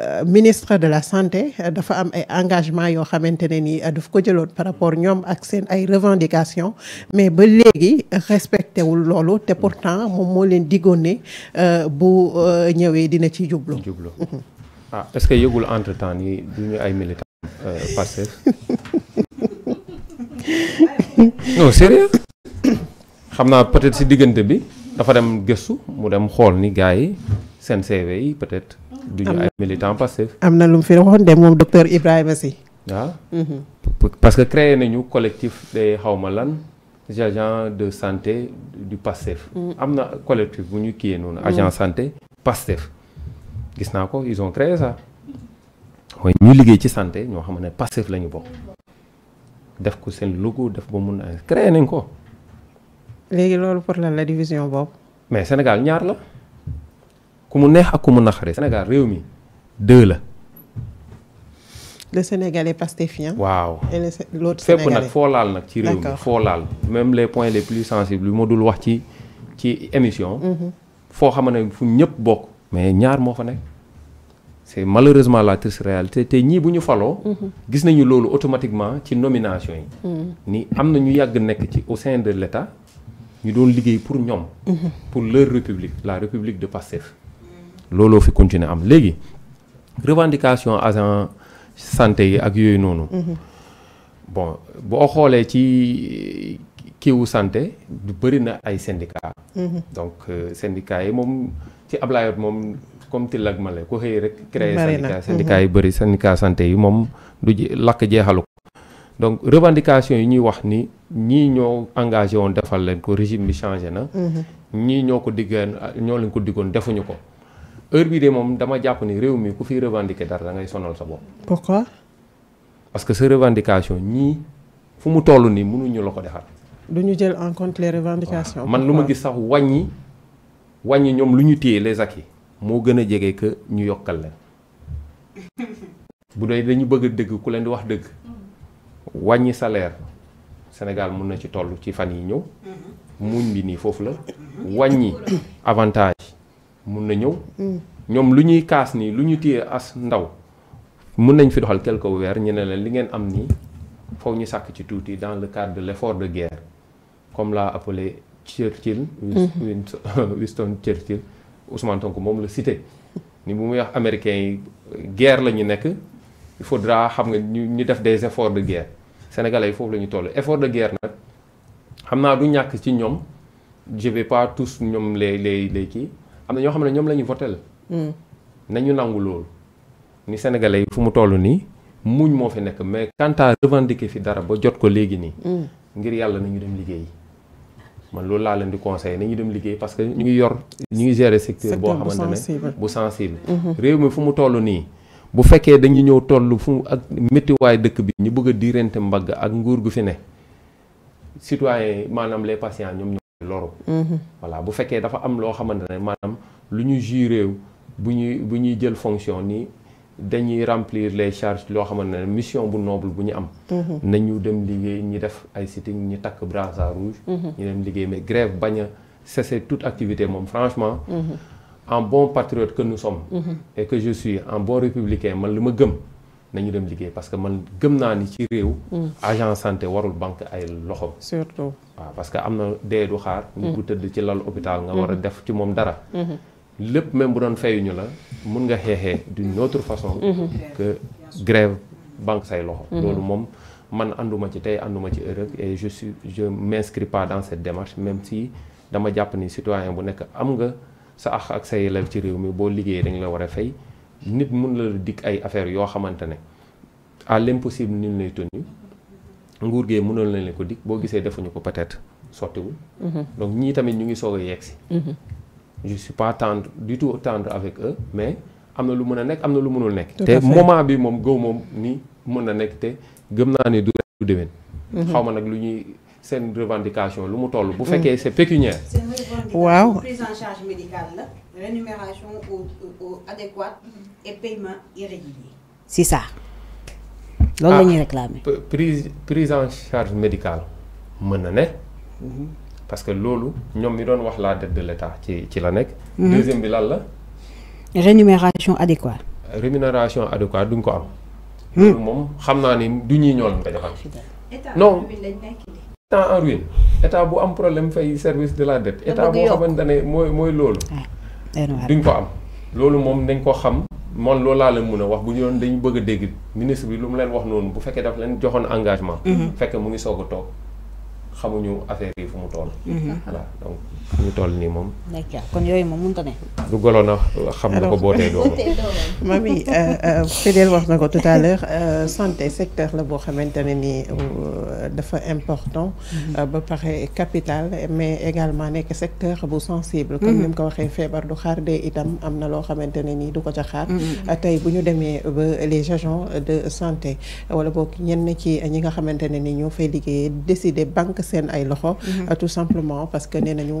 Euh, ministre de la santé euh, dafa am ay engagement yo xamantene ni euh, daf ko jëloon par rapport ñom ak seen ay revendications mais ba légui respecté wul lolu té pourtant moom mo leen digoné bu ñëwé dina ci jublu. jublu mhm. ah est-ce que yegul entre temps ni duñu ay militants Pastef. non sérieux xamna peut-être ci diggante bi dafa dem gëstu mu dem xol ni gaay sen seen CV yi peut-être du ay militant passif. am na lu mu fi waxoon de moom docteur Ibrahima Sy. Ah. Mhm. parce que créé nañu collectif de xawma lan. agent de santé du passif. Mhm. am na collectif bu ñu kiiyee noonu. Mhm. agent santé PASTEF. gis naa ko ils ont créé ça. mooy ñu liggéey ci santé ñoo xam ne passif la ñu bokk. def ko seen logo def ba mun a créé nañ ko. léegi loolu pour la division boobu. mais Sénégal ñaar la ku mu neex ak ku mu naqari Sénégal réew mi deux la. le sénégalais pastéfien. waaw et le sé sénégalais fépp nag foo laal nag. ci réew mi foo laal même les points les plus sensibles yu ma dul wax ci ci émission. Mm-hmm. foo xam ne fu ñëpp bokk. mais ñaar moo fa nekk c' est malheureusement la triste réalité te ñii bu ñu faloo. Mm-hmm. gis nañu loolu automatiquement ci nomination yi. Mm-hmm. ni am na ñu yàgg nekk ci au sein de l' état ñu doon liggéey pour ñoom. pour leur république la république de Pastef. looloo fi continuer am léegi revendication agent santé yi ak yooyu noonu. Mhm. bon boo xoolee ci kiiwu santé du bëri na ay syndicat mhm. donc euh, syndicat yi moom ci Ablaye moom comme til ak male ko xëy rek créer syndicat mhm. syndicat yi bëri syndicat santé yi moom du lakk jeexalu ko donc revendication yi ñuy wax ni ñii ñoo engagé woon defal leen ko régime bi changé na ñii ñoo ko diggoon ñoo leen ko diggoon defuñu ko heure bii de moom dama jàpp ni réew mi ku fi revendiquer dara da ngay sonal sa bopp. pourquoi. parce que sa revendication ñii fu mu toll nii mënuñu la ko defar. du ñu jël en compte les man lu ma gis sax wàññi wàññi ñoom lu ñu téye les ak yi moo gën a jege que ñu yokkal leen bu dee dañu bëgg a dëgg ku leen di wax dëgg wàññi salaire senegal mun na ci toll ci fan yi ñëw mm-hmm. muñ bi nii foofu la wañ wàññi avantage. mën na ñëw. Mm. ñoom lu ñuy kaas nii lu ñu téye as ndaw mën nañ fi doxal quelque weer ñu ne leen li ngeen am nii faw ñu sàkk ci tuuti dans le cadre de l'effort de guerre comme l'a appelé Churchill. Mm-hmm. Winston Churchill Ousmane Sonko moom la cité ni bu muy wax américain yi guerre la ñu nekk il faudra xam nga ñu ñu def des efforts de guerre sénégalais yi foofu la ñu toll effort de guerre nag xam naa du ñàkk ci ñoom je vais pas tous ñoom les les les kii. am na ñoo xam ne ñoom la ñu votel hmm. nañu nangu loolu ni sénégalais yi fu mu toll nii muñ moo fi nekk mais quant à revendiquer fi dara ba jot ko léegi nii hmm. ngir yàlla nañu dem liggéey man loolu laa leen di conseillé nañu dem liggéey parce que ñu ngi yor ñu ngi gérer secteur boo xamante ne bu sensible hmm. réew mi fu mu toll nii bu fekkee dañu ñëw toll fu ak méttiwaay dëkk bi ñu bëgg a diirante mbagg ak nguur gu fi ne citoyen maanaam les patients ñoom loru mhm. voilà bu fekkee dafa am loo xamante ne maanaam lu ñu ju réew bu ñuy bu ñuy jël fonction ni dañuy remplir les charges loo xamante ne mission bu noble bu ñu am mhm. nañu dem liggéey ñi def ay sitting ñi takk brassard rouge mhm. ñu dem liggéey mais grève bañ a cesser toute activité moom franchement en bon patriote que nous sommes et que je suis en bon républicain man li ma gëm nañu dem liggéey parce que man gëm naa ni ci réew. Hmm. agent santé warul banque ay loxo. surtout waaw parce que am na dee du xaar. nit ku hmm. tëdd ci lal hôpital nga war a hmm. def ci moom dara. lépp même bu doon fayuñu la mun nga xeexee d'une autre façon. que grève banque say loxo. loolu moom man anduma ci tey anduma ci heureux et je suis je m'inscris pas dans cette démarche même si dama jàpp ni citoyen bu nekk am nga sa ax ak say yelleef ci réew mi boo liggéeyee dañ la war a fay. nit mun la dikk ay affaires yoo xamante ne à l'impossible ni lay tonni nguur gee mënoon nañ leen ko dikk boo gisee defuñu ko peut-être sottiwul. Mhm. donc ñii tamit ñu ngi soog a yegsi. Mhm. je suis pas tendre du tout tendre avec eux mais am na lu mën a nekk am na lu mënul nekk. te moment bi moom gëw moom ni mën na nekk te gëm naa ne du déwén. Mhm. xaw nag lu ñuy. Mm. une revendication le pécuniaire c'est une prise en charge médicale rémunération adéquate mm. et paiement irrégulier. c'est ça. Ah, prise en charge médicale mm-hmm. parce que loolu nous mi la dette de l'État mm-hmm. deuxième rémunération adéquate. rémunération adéquate mm. temps en ruine état bu am problème fay service de la dette état boo xamante ne mooy mooy loolu duñ ko am loolu moom dañ ko xam man loolu laa leen mun a wax bu ñu doon dañu bëgg a dégg ministre bi lu mu leen wax noonu bu fekkee daf leen joxoon engagement mhm. fekkee mu ngi soog a toog xamuñu affaire yi fu mu toll mhm. fu ñu toll nii moom. kon yooyu moom mënut a ne. du golo na xam na ko bootee doomam. mami euh, euh, Fidèle wax na ko tout à l'heure euh, santé secteur la boo xamante ne nii dafa important. Mhm. ba pare capital mais également nekk secteur bu sensible. comme mhm. ni mu ko waxee feebar du xaar de itam am na loo xamante ne nii du ko ca xaar. Mhm. tey bu ñu demee ba les agents de santé wala boog ñenn ci ñi nga xamante ne ni ñoo fay liggéeyee décider banque seen ay loxo. tout simplement parce que nee nañu.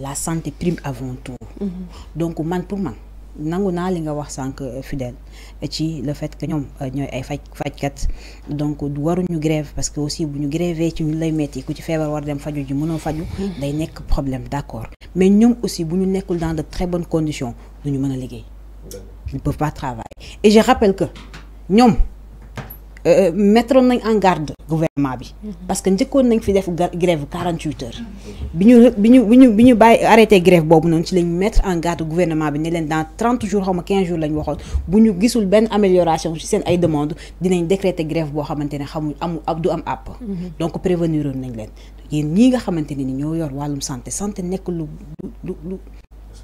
la santé prime avant tout. donc man pour man nangu li nga euh, fidèle le fait que ñoom euh, ñooy ay nous fajkat donc nous grève parce que aussi bu ñu nous ci nous lay nous ku ci nous war dem faju ji Nous faju mm-hmm. day problème d'accord mais nous aussi si nous sommes dans de très bonnes conditions Nous Nous ne pouvons pas travailler et je rappelle que nous, Euh, euh, mettre nañ en garde gouvernement bi. parce que njëkkoon nañ fi def grève 48 bi ñu bi ñu grève boobu noonu ci lañ mettre en garde gouvernement bi ne leen dans 30 jours xaw ma jours lañ waxoon bu ñu gisul benn amélioration ci seen ay demandes dinañ décréter grève boo xamante ne xamuñ du am àpp. Mhm. donc préveniroon nañ leen yéen ñii nga xamante ni ñoo yor wàllum santé santé nekk lu lu.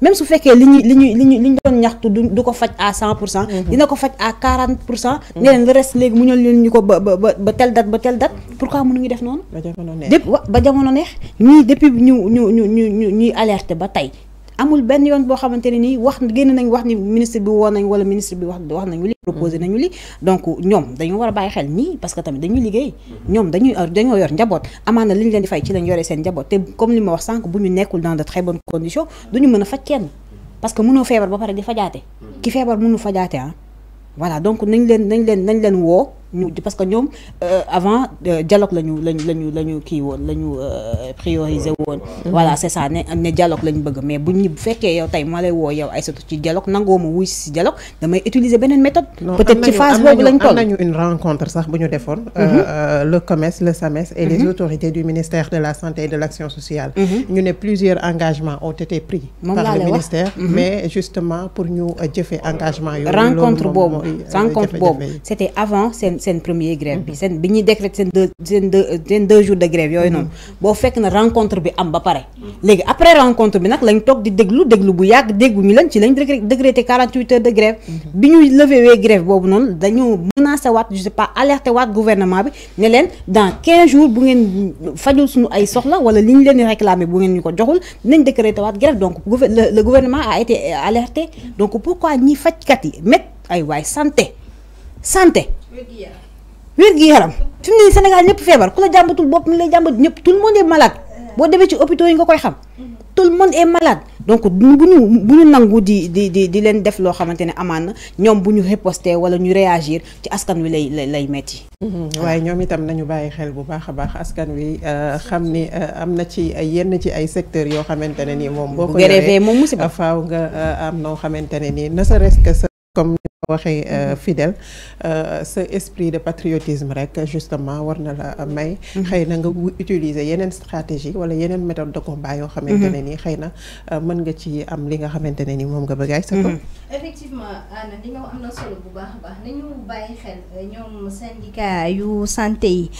même su fekkee li ñuy li ñuy li ñuy li ñu doon ñaxtu du ko faj à 100 pour cent mhm. dina ko faj à quarante pour cent mhm. ne leen le léegi mu ñëw leen ñu ko ba ba ba tel date ba tel date mhm. pourquoi mënuñu def noonu dépp ba jamono neex ñii depuis ñu ñu ñu ñu ñuy alerté ba tey amul ben yoon bo xamanteni ni wax génn nañ wax ni ministre bi woo nañ wala ministre bi wax wax nañu li hmm. proposé nañu li donc ñom dañu wara a xel ni parce que tamit dañuy liggéey hmm. ñom dañuy dañoo yor njabot amana liñ ñu leen di fay ci lañ yoré seen njabot te comme li ma wax sank buñu nekkul dans de très bonnes conditions duñu mëna fa kenn parce que mënoo feebar ba pare di fajaate hmm. ki feebar mënu fajaate ah voilà donc nañ leen nañ leen nañ leen woo ñu parce que euh, avant euh, dialogue la ñu lañu lañu la ñu kii woon euh, prioriser won mhm. voilà c'est ça né ne dialogue lañu bëgg mais bu ñu bu fekkee yow tay ma lay woo yow ay surtout ci dialogue nangoma wuy ci dialogue damay utiliser benen méthode peut-être ci phase bobu lañu toll am nañu une rencontre sax bu ñu euh, mhm. euh, le COMES le SAMES et les mhm. autorités du ministère de la santé et de l'action sociale ñu né plusieurs engagements ont été pris par le ministère mais justement pour ñu jëfé engagement yo rencontre bobu rencontre bobu c'était avant c'est sen premier grève bi mhm. sen biñu décréter sen deux sen deux seen deux jours de grève yoy mhm. non bo fekk na rencontre bi am ba paré mhm. légui après rencontre bi nak lañ tok di déglu déglu bu déggu ñu lañ ci lañ décrété 48 heures de grève biñu ñu levé wee grève bobu non dañu menacer waat je sais pas alerté waat gouvernement bi ne leen dans 15 jours bu ngeen fajul suñu ay soxla wala liñ ñu leen réclamer bu ngeen ñuko joxul dinañ décréter waat grève donc le gouvernement a été alerté donc pourquoi ñi fajj kat yi met ay way santé santé wér gi yaram fi mu ne Sénégal ñëpp feebar ku la jàmbatul bopp mi lay jàmbat ñëpp tout le monde est malade euh. boo demee ci hôpitaux yi nga koy xam mm-hmm. tout le monde est donc bu ñu bu ñu nangu di di di di leen def loo xamante ne amaan na ñoom bu ñu riposté wala ñu réagir ci askan wi lay lay lay metti mm-hmm. waaye ñoom itam nañu bàyyi xel bu baax a baax askan wi euh, xam ni euh, am na ci yenn ci ay secteurs yoo xamante ne nii moom. boo ko yoree moom musiba faaw nga am noo xamante ne nii ne serait-ce waxee euh, mhm. fidèle ce euh, esprit de patriotisme rek justement warna la may mhm. xeyna nga utiliser yenen stratégie wala yenen méthode de combat yo xamante mhm. ne nii xëy euh, mën nga ci am li nga xamante ne ni mom nga bëggaay sa ko effectivement ana li nga am na solo bu baax a baax nañu bayyi xel ñoom syndicat yu santé yi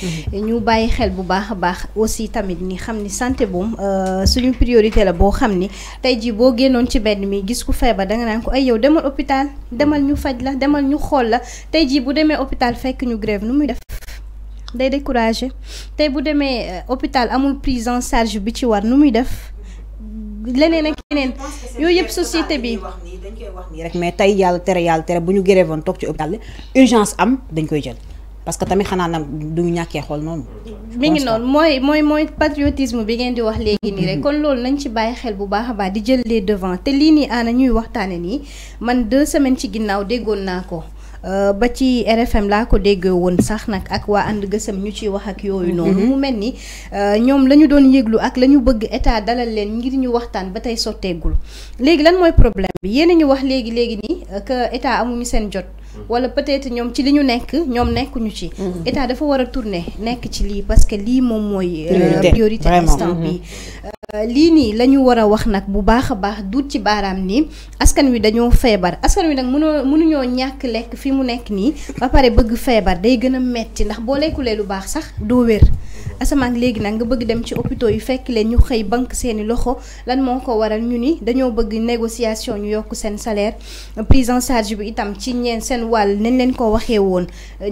ñu bayyi xel bu baax baax aussi tamit ni xamni ni santé boom suñu priorité la bo xamni ni tey jii boo ci mbedd mi gis ku feebar da nga naan ko ay yow demal hôpital demal ñu fay faj la demal ñu xol la tey bu hôpital fekk ñu grève nu muy def day découragé tay bu démé euh, hôpital amul prise en charge bi ci war nu muy def leneen ak société bi dañ koy wax ni rek mais tay grève hôpital urgence am dañ koy jël parce que tamit xanaa nag du ñàkkee xool noonu. mi ngi noonu mooy mooy mooy patriotisme bi ngeen di wax léegi nii rek. Mm-hmm. kon loolu nañ ci bàyyi xel bu baax a di jël les devants te lii nii ana ñuy waxtaane nii man deux semaine ci ginnaaw déggoon naa ko. Euh, ba ci RFM laa ko déggee woon sax nag ak waa ànd gësëm ñu ciy wax ak yooyu mm-hmm. noonu. mu mel ni euh, ñoom la ñu doon yëglu ak la ñu bëgg état dalal leen ngir ñu waxtaan ba tey sotteegul léegi lan mooy problème bi yéen a wax léegi léegi nii euh, état amuñu seen jot. wala peut-être ñoom ci li ñu nekk ñoom nekkuñu ci. Mhm. état dafa war a tourner nekk ci lii parce que lii moom mooy. Euh, priorité instant bi mhm. euh, lii nii la ñu war a wax nag bu baax a baax duut ci baaraam nii askan wi dañoo feebar askan wi nag mënoo mënuñoo ñàkk lekk fi mu nekk nii ba pare bëgg feebar day gën a metti ndax boo lekkulee lu baax sax doo wér. asamaan léegi nag nga bëgg dem ci hôpitaux yu fekk leen ñu xëy banque seeni loxo lan moo ko waral ñu ni dañoo bëgg négociation ñu yokk seen salaire prise en charge bi itam ci ñeen seen wàll nañ leen ko waxee woon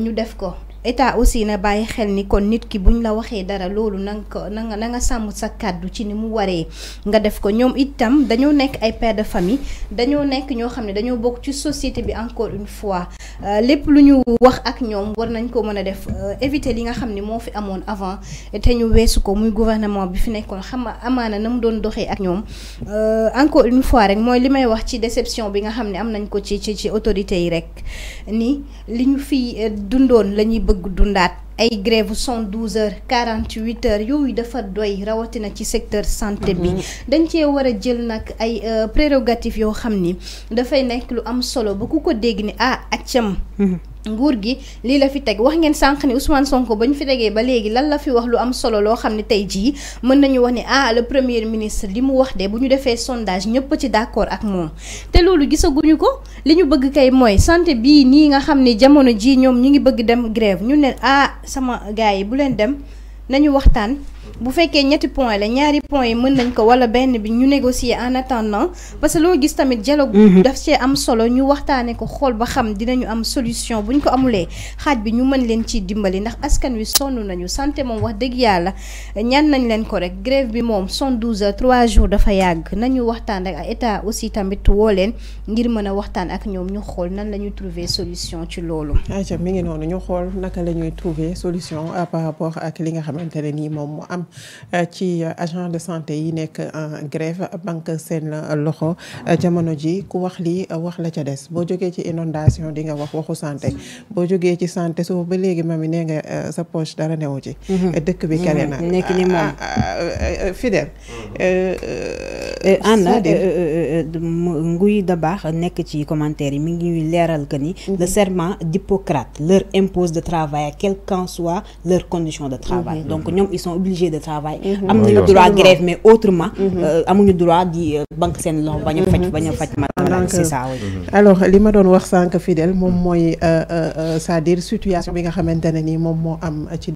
ñu def ko état aussi na bàyyi xel ni kon nit ki buñ la waxee dara loolu na na nga na nga sàmm sa kàddu ci ni mu waree nga def ko ñoom itam dañoo nekk ay père de famille dañoo nekk ñoo xam ne dañoo bokk ci société bi encore une fois Euh, lépp lu ñu wax ak ñoom war nañ ko mën a def euh, éviter li nga xam ne moo fi amoon avant te ñu weesu ko muy gouvernement bi fi nekkoon xam nga amaana na mu doon doxee ak ñoom euh, encore une fois rek mooy li may wax ci déception bi nga xam ne am nañ ko ci ci ci autorité yi rek ni li ñu fi dundoon la ñuy bëgg dundaat. ay grève sont douze heures quarante huit heures yooyu dafa doy rawatina ci secteur santé bi mhm. dañ cee war a jël nag ay euh, prérogatives yoo xam ni dafay nekk lu am solo ba ku ko dégg ni ah accam nguur gi lii la fi teg wax ngeen sànq ni Ousmane Sonko ba ñu fi tegee ba léegi lan la fi wax lu am solo loo xam ne tey jii mën nañu wax ni ah le premier ministre li mu wax de bu ñu defee sondage ñëpp ci d'accord ak moom te loolu gisaguñu ko li ñu bëgg kay mooy santé bii nii nga xam ne jamono jii ñoom ñu ngi bëgg dem grève ñu neen ah sama gars yi bu leen dem nañu waxtaan bu fekkee ñetti point la ñaari point yi mën nañ ko wala benn bi ñu négocier en attendant parce que loo gis tamit dialogue mhm. daf cee am solo ñu waxtaanee ko xool ba xam dinañu am solution buñ ko amulee xaaj bi ñu mën leen ci dimbali ndax askan wi sonn nañu santé moom wax dëgg yàlla ñan nañ leen ko rek grève bi moom 112 heures 3 jours dafa yàgg nañu waxtaan rek ak état aussi tamit woo leen ngir mën a waxtaan ak ñoom ñu xool nan la ñuy trouver solution ci loolu. ayca mi ngi noonu ñu xool naka la ñuy trouver solution euh, par rapport ak li nga xam xamante ne nii moom mu am euh, ci euh, agent de santé yi nekk en grève banque seen euh, loxo jamono ji ku wax lii wax la ca des boo jógee ci inondation di nga wax waxu santé boo jógee ci santé suba ba léegi mami nee nga sa poche dara newu ci mm-hmm. dëkk bi kale na mm-hmm. nekk Euh, euh, Anna euh, Nguy Dabakh nek ci commentaire mi ngi ñuy leeral que ni mhm. le serment d'Hippocrate leur impose de travailler quel qu'en soit leur condition de travail mhm. donc ñom ils sont obligés de travailler mhm. Amna le droit grève mais autrement amuñu droit di banque sen loxo bañ a baña bañ a ah, c'est ça alors li ma doon wax sànq fidèle euh euh c'est-à-dire situation bi nga xamantene ni mom mo am ci